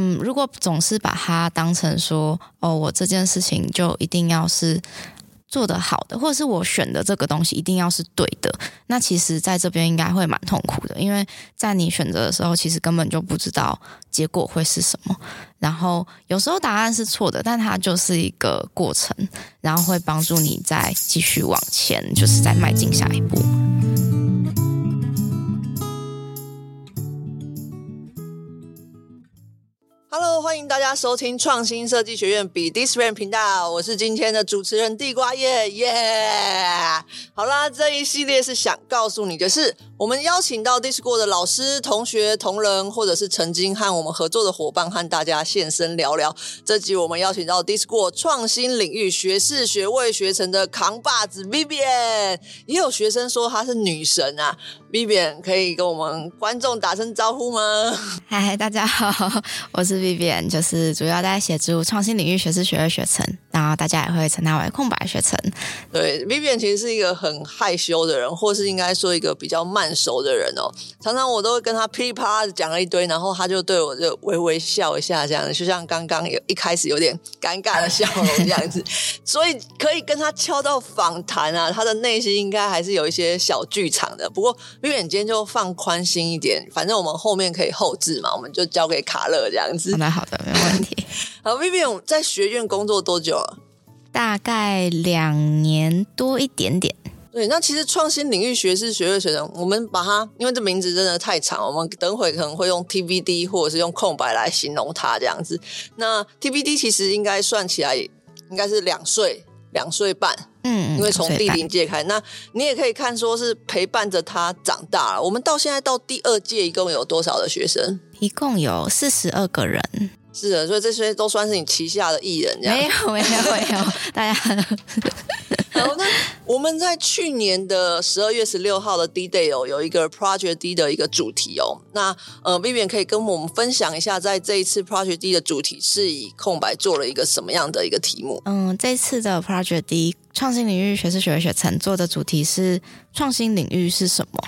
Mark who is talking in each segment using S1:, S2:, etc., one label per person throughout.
S1: 嗯，如果總是把它當成說，哦，我這件事情就一定要是做得好的，或者是我選的這個東西一定要是對的，那其實在這邊應該會蠻痛苦的，因為在你選擇的時候，其實根本就不知道結果會是什麼。然後有時候答案是錯的，但它就是一個過程，然後會幫助你再繼續往前，就是再邁進下一步。
S2: 大家收聽創新設計學院 B This Brand 頻道，我是今天的主持人地瓜葉耶。Yeah! 好啦，這一系列是想告訴你 D 是，就是，我們邀請到 D-School 的老師、同學、同仁，或者是曾經和我們合作的夥伴，和大家現身聊聊。這集我們邀請到 D-School 創新領域學士學位學程的扛把子 Vivian，也有學生說她是女神啊。Vivian 可以跟我們觀眾打聲招呼嗎？
S1: 嗨，大家好，我是 Vivian，就是主要在寫出創新領域學士學位學程，然後大家也會稱她為空白學程。
S2: 對，Vivian 其實是一個很。很害羞的人，或是應該說一個比較慢熟的人喔。常常我都會跟他噼裡啪啦講了一堆，然後他就對我就微微笑一下，這樣子就像剛剛有一開始有點尷尬的笑容這樣子。 所以可以跟他敲到訪談啊，他的內心應該還是有一些小劇場的。不過 Vivian 今天就放寬心一點，反正我們後面可以後製嘛，我們就交給卡樂這樣
S1: 子。那好的，沒有問題。
S2: 好，Vivian 在學院工作多久了？
S1: 大概兩年多一點點。
S2: 對，那其實創新領域學士學位學生，我們把他，因為這名字真的太長，我們等會可能會用 TBD 或者是用空白來形容他這樣子。那 TBD 其實應該算起來應該是兩歲兩歲半，嗯，因為從第零屆開，那你也可以看說是陪伴着他長大了。我們到現在到第二屆一共有多少的學生？
S1: 一共有四十二個人。
S2: 是的，所以這些都算是你旗下的藝人，這樣沒有沒有沒有，大家。 然後呢？我們在去年的十二月十六號的 D Day 哦，有一個 Project D 的一個主題哦。那呃，Vivian 可以跟我們分享一下，在這一次 Project D 的主題是以空白做了一個什麼樣的一個題目？
S1: 嗯，這次的 Project D 創新領域學士學位學程做的主題是創新領域是什麼？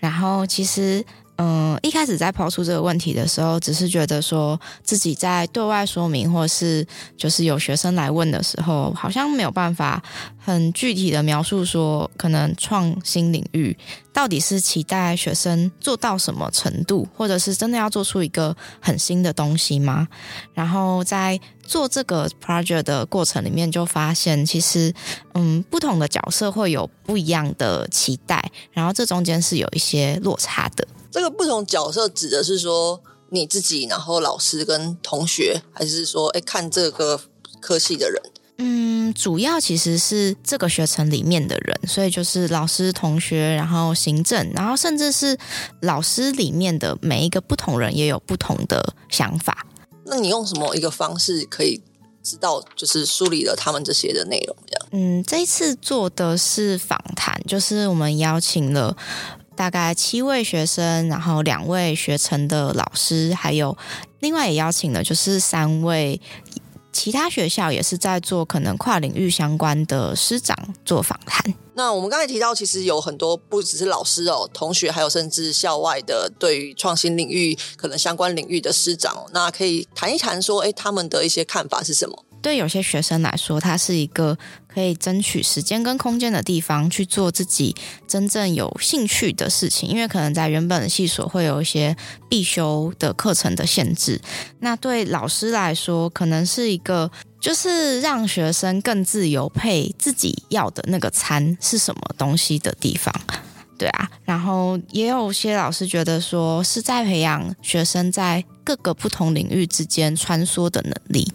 S1: 然後其實。嗯、呃，一開始在拋出這個問題的時候，只是覺得說自己在對外說明，或者是就是有學生來問的時候，好像沒有辦法很具體的描述說，可能創新領域到底是期待學生做到什麼程度，或者是真的要做出一個很新的東西嗎？然後在做這個 project 的過程裡面，就發現其實，嗯，不同的角色會有不一樣的期待，然後這中間是有一些落差的。
S2: 這個不同角色指的是說你自己，然後老師跟同學，還是說哎，看這個科系的人？
S1: 嗯，主要其實是這個學程裡面的人，所以就是老師、同學，然後行政，然後甚至是老師裡面的每一個不同人也有不同的想法。
S2: 那你用什麼一個方式可以知道，就是梳理了他們這些的內容這
S1: 樣？嗯，這一次做的是訪談，就是我們邀請了。大概七位學生，然後兩位學成的老師，還有另外也邀請了就是三位其他學校也是在做可能跨領域相關的師長做訪談。
S2: 那我們剛才提到，其實有很多不只是老師哦，同學還有甚至校外的，對於創新領域可能相關領域的師長哦，那可以談一談說，誒，他們的一些看法是什麼？
S1: 對，有些學生來說，他是一個。可以爭取時間跟空間的地方，去做自己真正有興趣的事情，因為可能在原本的系所會有一些必修的課程的限制。那對老師來說，可能是一個就是讓學生更自由配自己要的那個餐是什麼東西的地方，對啊。然後也有些老師覺得說是在培養學生在。各個不同領域之間穿梭的能力，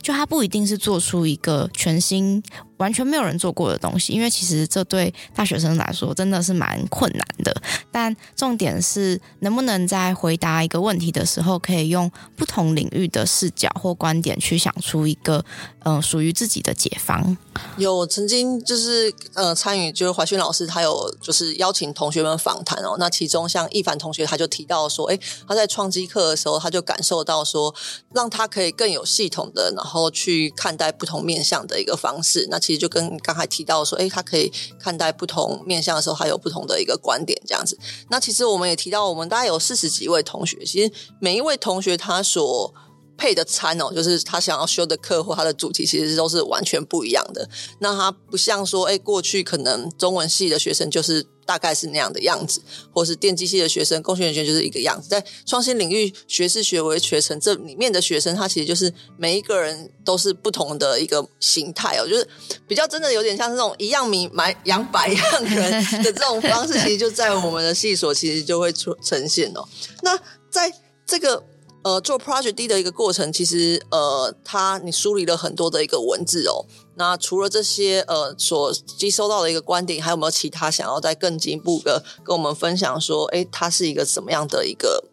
S1: 就他不一定是做出一個全新完全沒有人做過的東西，因為其實這對大學生來說真的是蠻困難的。但重點是，能不能在回答一個問題的時候，可以用不同領域的視角或觀點去想出一個嗯、呃、屬於自己的解方。
S2: 有曾經就是呃參與，就是懷勳老師他有就是邀請同學們訪談哦，那其中像一凡同學他就提到說，哎他在創基課的時候他就就感受到說，讓他可以更有系統的，然後去看待不同面向的一個方式。那其實就跟剛才提到說，誒、欸，他可以看待不同面向的時候，還有不同的一個觀點這樣子。那其實我們也提到，我們大概有四十幾位同學，其實每一位同學他所配的餐哦，就是他想要修的課或他的主題，其實都是完全不一樣的。那他不像說，哎、欸，過去可能中文系的學生就是大概是那樣的樣子，或是電機系的學生、工學院就是一個樣子。在創新領域學士學位學程這裡面的學生，他其實就是每一個人都是不同的一個形態哦，就是比較真的有點像那種一樣米養百樣人的這種方式，其實就在我們的系所其實就會出呈現哦。那在這個呃，做 Project D 的一個過程，其實呃，它，你梳理了很多的一個文字哦。那除了這些呃所接收到的一個觀點，還有沒有其他想要再更進一步的跟我們分享？說，哎，它是一個什麼樣的一個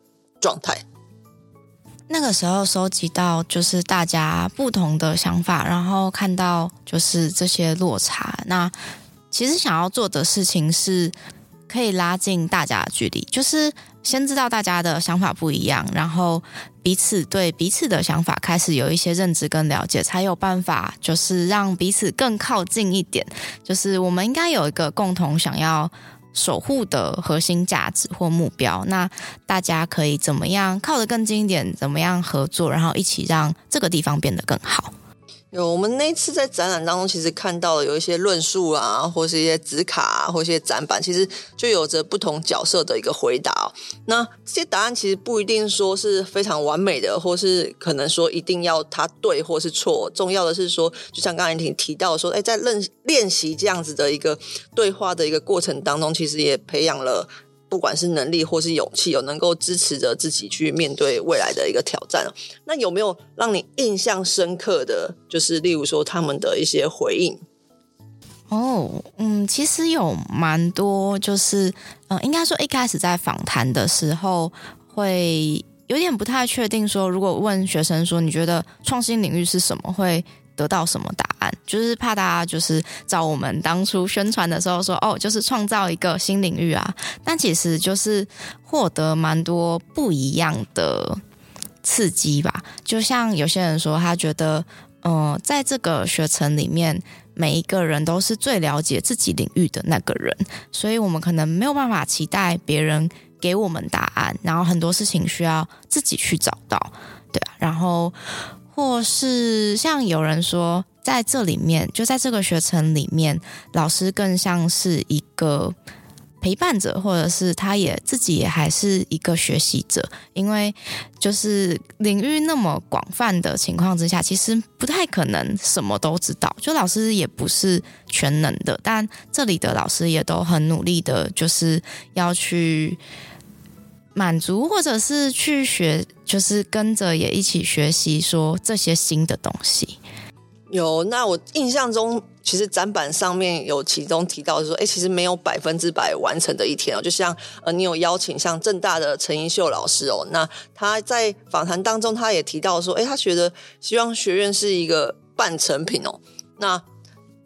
S2: 狀態？
S1: 那個時候收集到就是大家不同的想法，然後看到就是這些落差。那其實想要做的事情是。可以拉近大家的距離，就是先知道大家的想法不一樣，然後彼此對彼此的想法開始有一些認知跟了解，才有辦法就是讓彼此更靠近一點。就是我們應該有一個共同想要守護的核心價值或目標，那大家可以怎麼樣靠得更近一點，怎麼樣合作，然後一起讓這個地方變得更好。
S2: 有，我們那一次在展覽當中，其實看到了有一些論述啊，或是一些紙卡啊，或一些展板，其實就有着不同角色的一個回答。那這些答案其實不一定說是非常完美的，或是可能說一定要它對或是錯。重要的是說，就像剛才婷提到的說，哎、欸，在練練習這樣子的一個對話的一個過程當中，其實也培養了。不管是能力或是勇氣，有能夠支持着自己去面對未來的一個挑戰。那有沒有讓你印象深刻的就是，例如說他們的一些回應？
S1: 哦，嗯，其實有蠻多，就是，嗯、呃，應該說一開始在訪談的時候，會有點不太確定。說如果問學生說，你覺得創新領域是什麼？會得到什麼答案，就是怕大家就是找我們當初宣傳的時候說，哦，就是創造一個新領域啊。但其實就是獲得蠻多不一樣的刺激吧。就像有些人說，他覺得，嗯、呃，在這個學程裡面，每一個人都是最了解自己領域的那個人，所以我們可能沒有辦法期待別人給我們答案，然後很多事情需要自己去找到，對啊，然後。或是像有人說，在這裡面，就在這個學程裡面，老師更像是一個陪伴者，或者是他也自己也還是一個學習者，因為就是領域那麼廣泛的情況之下，其實不太可能什麼都知道，就老師也不是全能的，但這裡的老師也都很努力的，就是要去，滿足，或者是去學，就是跟着也一起學習，說這些新的東西。
S2: 有，那我印象中，其實展板上面有其中提到，說，哎、欸，其實沒有百分之百完成的一天哦、喔。就像，呃，你有邀請像政大的陳英秀老師哦、喔，那他在訪談當中，他也提到說，哎、欸，他覺得希望學院是一個半成品哦、喔。那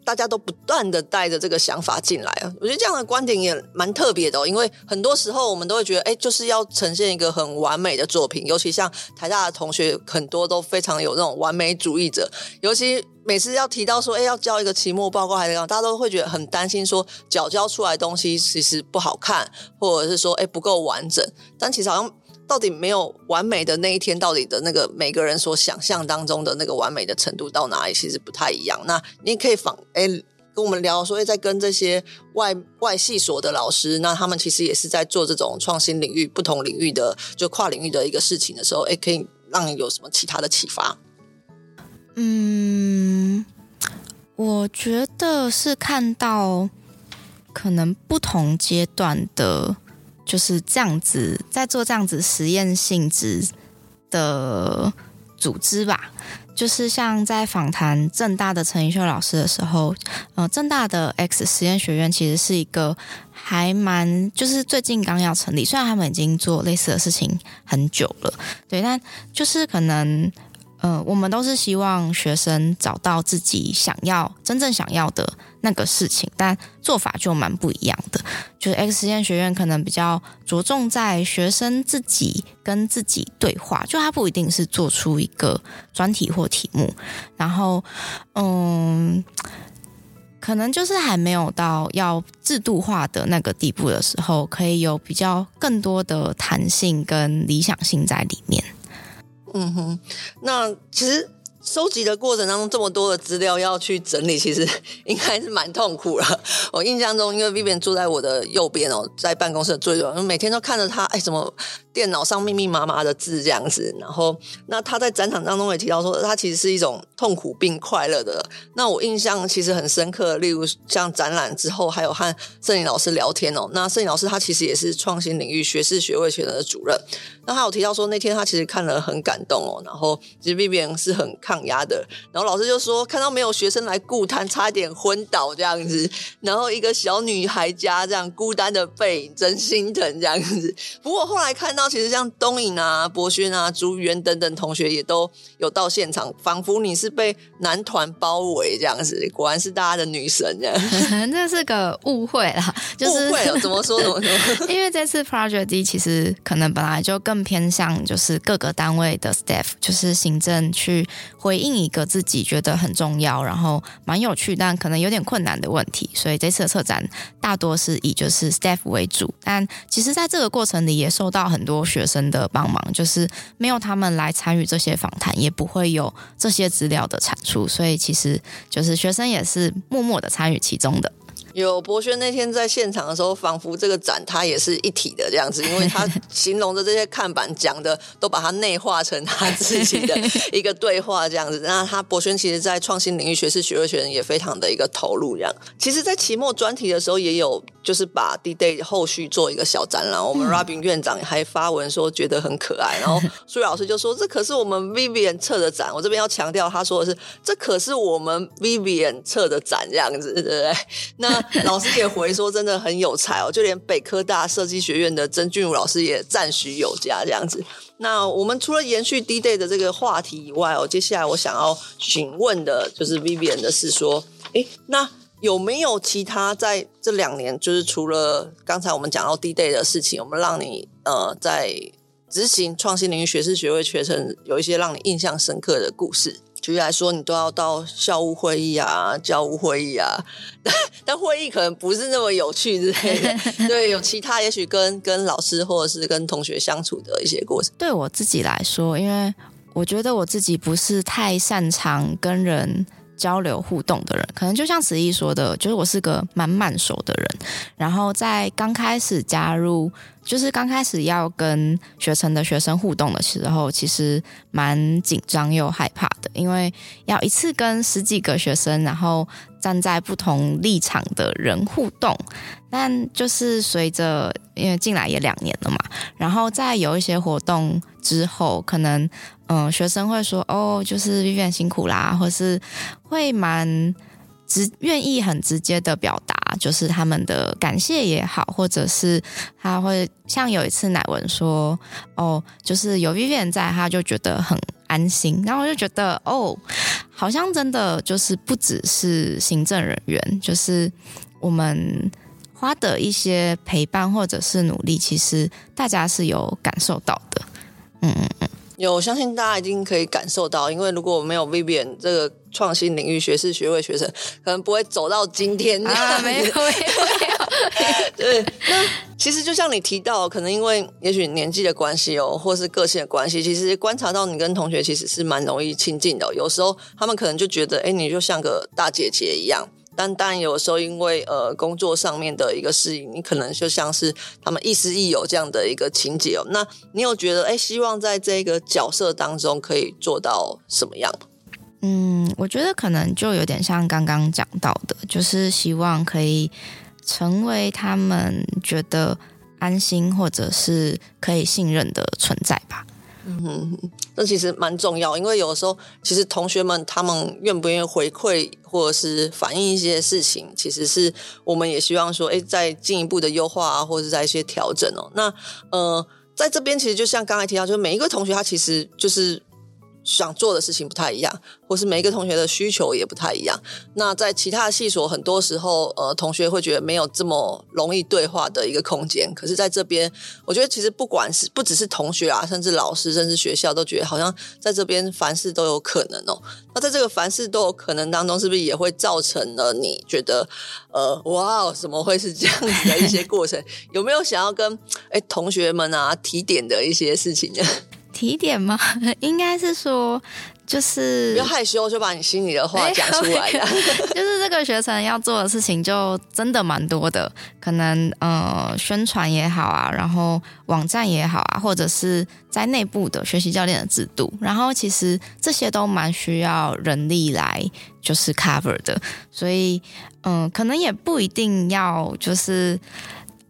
S2: 大家都不斷的帶着這個想法進來啊，我覺得這樣的觀點也蠻特別的哦。因為很多時候我們都會覺得，哎、欸，就是要呈現一個很完美的作品，尤其像台大的同學，很多都非常有那種完美主義者。尤其每次要提到說，哎、欸，要交一個期末報告，還是這樣，大家都會覺得很擔心說，說繳交出來的東西其實不好看，或者是說，哎、欸，不夠完整。但其實好像。到底沒有完美的那一天，到底的那個每個人所想象當中的那個完美的程度到哪裡，其實不太一樣。那你也可以仿哎、欸，跟我們聊說，哎、欸，在跟這些外外系所的老師，那他們其實也是在做這種創新領域、不同領域的就跨領域的一個事情，的時候，哎、欸，可以讓你有什麼其他的啟發？嗯，
S1: 我覺得是看到可能不同階段的。就是這樣子在做這樣子實驗性質的組織吧，就是像在訪談政大的陳以秀老師的時候，呃，政大的 X 實驗學院其實是一個還蠻就是最近剛要成立，雖然他們已經做類似的事情很久了，對，但就是可能。嗯、呃，我們都是希望學生找到自己想要、真正想要的那個事情，但做法就蠻不一樣的。就是 X 實驗學院可能比較着重在學生自己跟自己對話，就他不一定是做出一個專題或題目。然後，嗯，可能就是還沒有到要制度化的那個地步的時候，可以有比較更多的彈性跟理想性在裡面。
S2: 嗯哼，那其實收集的過程當中，這麼多的資料要去整理，其實應該是蠻痛苦的。我印象中，因為 Vivian 坐在我的右邊哦，在辦公室的最右，每天都看着他，哎，怎麼？電腦上密密麻麻的字這樣子，然後那他在展場當中也提到說，他其實是一種痛苦並快樂的。那我印象其實很深刻，例如像展覽之後，還有和攝影老師聊天哦。那攝影老師他其實也是創新領域學士學位學程的主任，那他有提到說，那天他其實看了很感動哦，然後其實畢畢是很抗壓的。然後老師就說，看到沒有學生來顧攤，差點昏倒這樣子，然後一個小女孩家這樣孤單的背影，真心疼這樣子。不過後來看到。其實像東影啊、博軒啊、朱園等等同學，也都有到現場，仿佛你是被男團包圍這樣子。果然是大家的女神
S1: 這樣，這這是個誤會啦，就是、誤會怎麼說？怎麼說？ 因為這次 Project D 其實可能本來就更偏向就是各個單位的 staff，就是行政去回應一個自己覺得很重要，然後蠻有趣，但可能有點困難的問題。所以這次的策展大多是以就是 staff 為主，但其實在這個過程裡也受到很多。多學生的幫忙，就是沒有他們來參與這些訪談，也不會有這些資料的產出。所以，其實就是學生也是默默的參與其中的。
S2: 有博軒那天在現場的時候，仿佛這個展他也是一體的這樣子，因為他形容的這些看板講的都把它內化成他自己的一個對話這樣子。那他博軒其實，在創新領域、學士學位、學程也非常的一個投入這樣。其實，在期末專題的時候，也有就是把 D Day 後續做一個小展覽。我們 Robin 院長還發文說覺得很可愛，嗯、然後蘇 老師就說：“這可是我們 Vivian 策的展。”我這邊要強調，他說的是：“這可是我們 Vivian 策的展這樣子，對不對？”那。老師也回說，真的很有才哦，就連北科大設計學院的曾俊武老師也讚許有加這樣子。那我們除了延續 D Day 的這個話題以外，哦，接下來我想要詢問的，就是 Vivian 的是說，哎，那有沒有其他在這兩年，就是除了剛才我們講到 D Day 的事情，我們讓你呃在執行創新領域學士學位學程，有一些讓你印象深刻的故事？舉例來說，你都要到校務會議啊、教務會議啊，但會議可能不是那麼有趣之類的。對，有其他也許跟跟老師或者是跟同學相處的一些過
S1: 程。對我自己來說，因為我覺得我自己不是太擅長跟人交流互動的人，可能就像慈憶說的，就是我是個蠻慢熟的人。然後在剛開始加入。就是剛開始要跟學程的學生互動的時候，其實蠻緊張又害怕的，因為要一次跟十幾個學生，然後站在不同立場的人互動。但就是隨着，因為進來也兩年了嘛，然後在有一些活動之後，可能嗯、呃，學生會說哦，就是 Vivian 辛苦啦，或是會蠻直願意很直接的表達。就是他們的感謝也好，或者是他會像有一次乃文說哦，就是有 Vivian 在，他就覺得很安心。然後我就覺得哦，好像真的就是不只是行政人員，就是我們花的一些陪伴或者是努力，其實大家是有感受到的。嗯
S2: 嗯嗯，有，相信大家已經可以感受到，因為如果沒有 Vivian 這個。創新領域學士學位學程可能不會走到今天。啊、沒有，對，其實就像你提到，可能因為也許年紀的關係哦，或是個性的關係，其實觀察到你跟同學其實是蠻容易親近的，哦。有時候他們可能就覺得，哎、欸，你就像個大姐姐一樣。但當然，有時候因為呃工作上面的一個事情，你可能就像是他們亦師亦友這樣的一個情節哦。那你有覺得，哎、欸，希望在這個角色當中可以做到
S1: 什麼樣？嗯，我覺得可能就有點像剛剛講到的，就是希望可以成為他們覺得安心或者是可以信任的存在吧。
S2: 嗯，那其實蠻重要，因為有時候其實同學們他們願不願意回饋或者是反映一些事情，其實是我們也希望說，哎，再進一步的優化啊，或者是在一些調整哦。那呃，在這邊其實就像剛才提到，就每一個同學他其實就是。想做的事情不太一樣，或是每一個同學的需求也不太一樣。那在其他的系所，很多時候，呃，同學會覺得沒有這麼容易對話的一個空間。可是，在這邊，我覺得其實不管是不只是同學啊，甚至老師，甚至學校，都覺得好像在這邊凡事都有可能哦、喔。那在這個凡事都有可能當中，是不是也會造成了你覺得，呃，哇哦，怎麼會是這樣子的一些過程？ 有沒有想要跟誒、欸、同學們啊提點的一些事情呢？
S1: 提點嗎？應該是說，就是不要害羞，就把你心裡的話講出來。哎 oh my God，就是這個學程要做的事情，就真的蠻多的。可能呃，宣傳也好啊，然後網站也好啊，或者是在內部的學習教練的制度，然後其實這些都蠻需要人力來就是 cover 的。所以嗯、呃，可能也不一定要就是。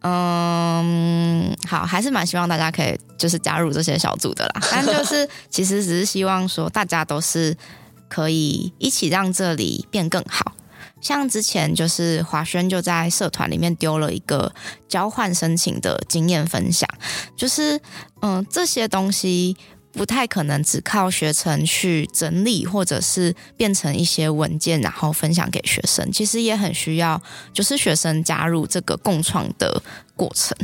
S1: 嗯，好，還是蠻希望大家可以就是加入這些小組的啦。但就是其實只是希望說，大家都是可以一起讓這裡變更好。像之前就是華軒就在社團裡面丟了一個交換申請的經驗分享，就是嗯這些東西。不太可能只靠學程去整理，或者是變成一些文件，然後分享給學生。其實也很需要，就是學生加入這個共創的過程。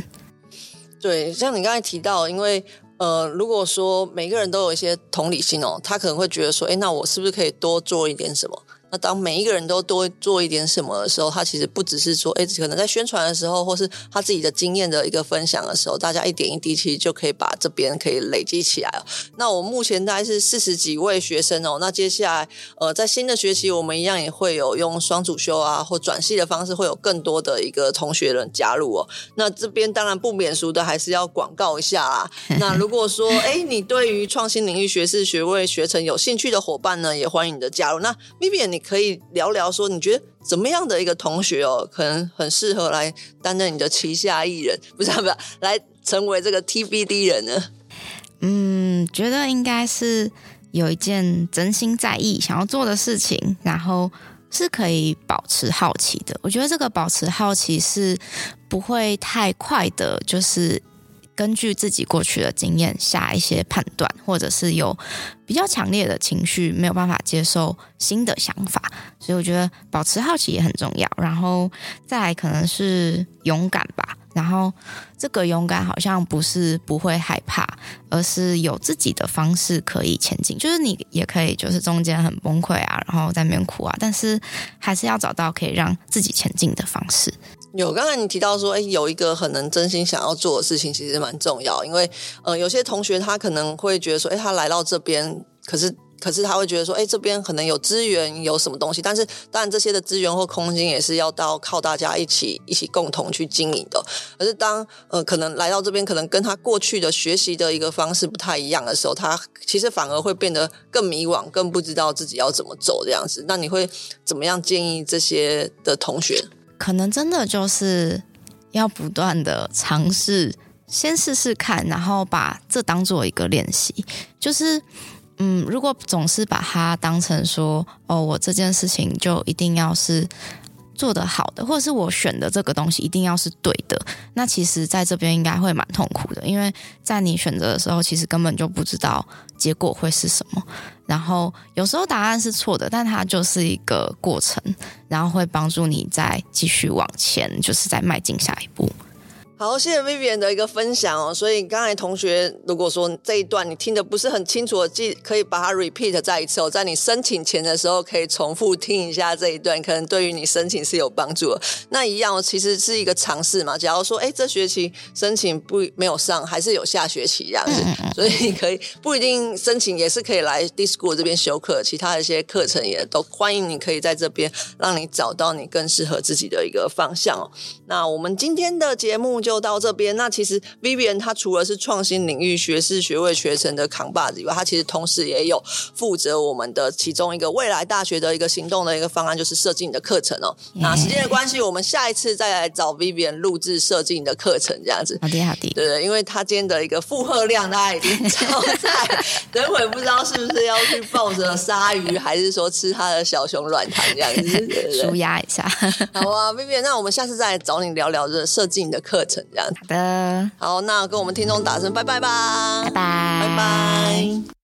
S2: 對，像你剛才提到，因為呃，如果說每個人都有一些同理心哦，他可能會覺得說，誒，那我是不是可以多做一點什麼？那當每一個人都多做一點什麼的時候，他其實不只是說，哎、欸，只可能在宣傳的時候，或是他自己的經驗的一個分享的時候，大家一點一滴，其實就可以把這邊可以累積起來了。那我目前大概是四十幾位學生哦、喔。那接下來，呃，在新的學期，我們一樣也會有用雙主修啊，或轉系的方式，會有更多的一個同學人加入哦、喔。那這邊當然不免俗的，還是要廣告一下啊。那如果說，哎、欸，你對於創新領域學士學位學程有興趣的夥伴呢，也歡迎你的加入。那 Vivian 你。可以聊聊說，你覺得怎麼樣的一個同學哦，可能很適合來擔任你的旗下藝人？不是、啊，不是、啊，來成
S1: 為這個 TBD 人呢？嗯，覺得應該是有一件真心在意、想要做的事情，然後是可以保持好奇的。我覺得這個保持好奇是不會太快的，就是。根據自己過去的經驗下一些判斷，或者是有比較強烈的情緒，沒有辦法接受新的想法，所以我覺得保持好奇也很重要。然後再來可能是勇敢吧，然後這個勇敢好像不是不會害怕，而是有自己的方式可以前進。就是你也可以，就是中間很崩潰啊，然後在那邊哭啊，但是還是要找到可以讓自己前進的方式。
S2: 有，剛才你提到說，哎，有一個很能真心想要做的事情，其實蠻重要。因為，呃，有些同學他可能會覺得說，哎，他來到這邊，可是可是他會覺得說，哎，這邊可能有資源，有什麼東西。但是，當然這些的資源或空間也是要到靠大家一起一起共同去經營的。可是當，當呃可能來到這邊，可能跟他過去的學習的一個方式不太一樣的時候，他其實反而會變得更迷惘，更不知道自己要怎麼走這樣子。那你會怎麼樣建議這些的同
S1: 學？可能真的就是要不斷的嘗試，先試試看，然後把這當做一個練習。就是，嗯，如果總是把它當成說，哦，我這件事情就一定要是做得好的，或者是我選的這個東西一定要是對的，那其實在這邊應該會蠻痛苦的，因為在你選擇的時候，其實根本就不知道結果會是什麼。然後有時候答案是錯的，但它就是一個過程，然後會幫助你再繼續往前，就是再邁進下一步。
S2: 好，謝謝 Vivian 的一個分享哦。所以剛才同學，如果說這一段你聽的不是很清楚，的記可以把它 repeat 再一次哦，在你申請前的時候，可以重複聽一下這一段，可能對於你申請是有幫助的。那一樣，哦，我其實是一個嘗試嘛。假如說，哎，這學期申請不沒有上，還是有下學期這樣子。所以你可以不一定申請，也是可以來 D-School 這邊修課，其他的一些課程也都歡迎。你可以在這邊，讓你找到你更適合自己的一個方向哦。那我們今天的節目就。又到這邊。那其實 Vivian 她，除了是創新領域學士學位學程的扛把子以外，她其實同時也有負責我們的其中一個未來大學的一個行動的一個方案，就是設計你的課程哦、喔。Yeah. 那時間的關係，我們下一次再來找 Vivian 錄製設計你的課程，這樣子。
S1: 好
S2: 的好的！對，因為他今天的一個負荷量，大家已經超載。 等會不知道是不是要去抱着鯊魚，還是說吃他的小熊軟糖這樣子，舒壓
S1: 一下。
S2: 好啊，Vivian，那我們下次再來找你聊聊這設計你的課程。這樣好的，好，那跟我們聽眾打聲拜拜吧，拜拜，拜拜。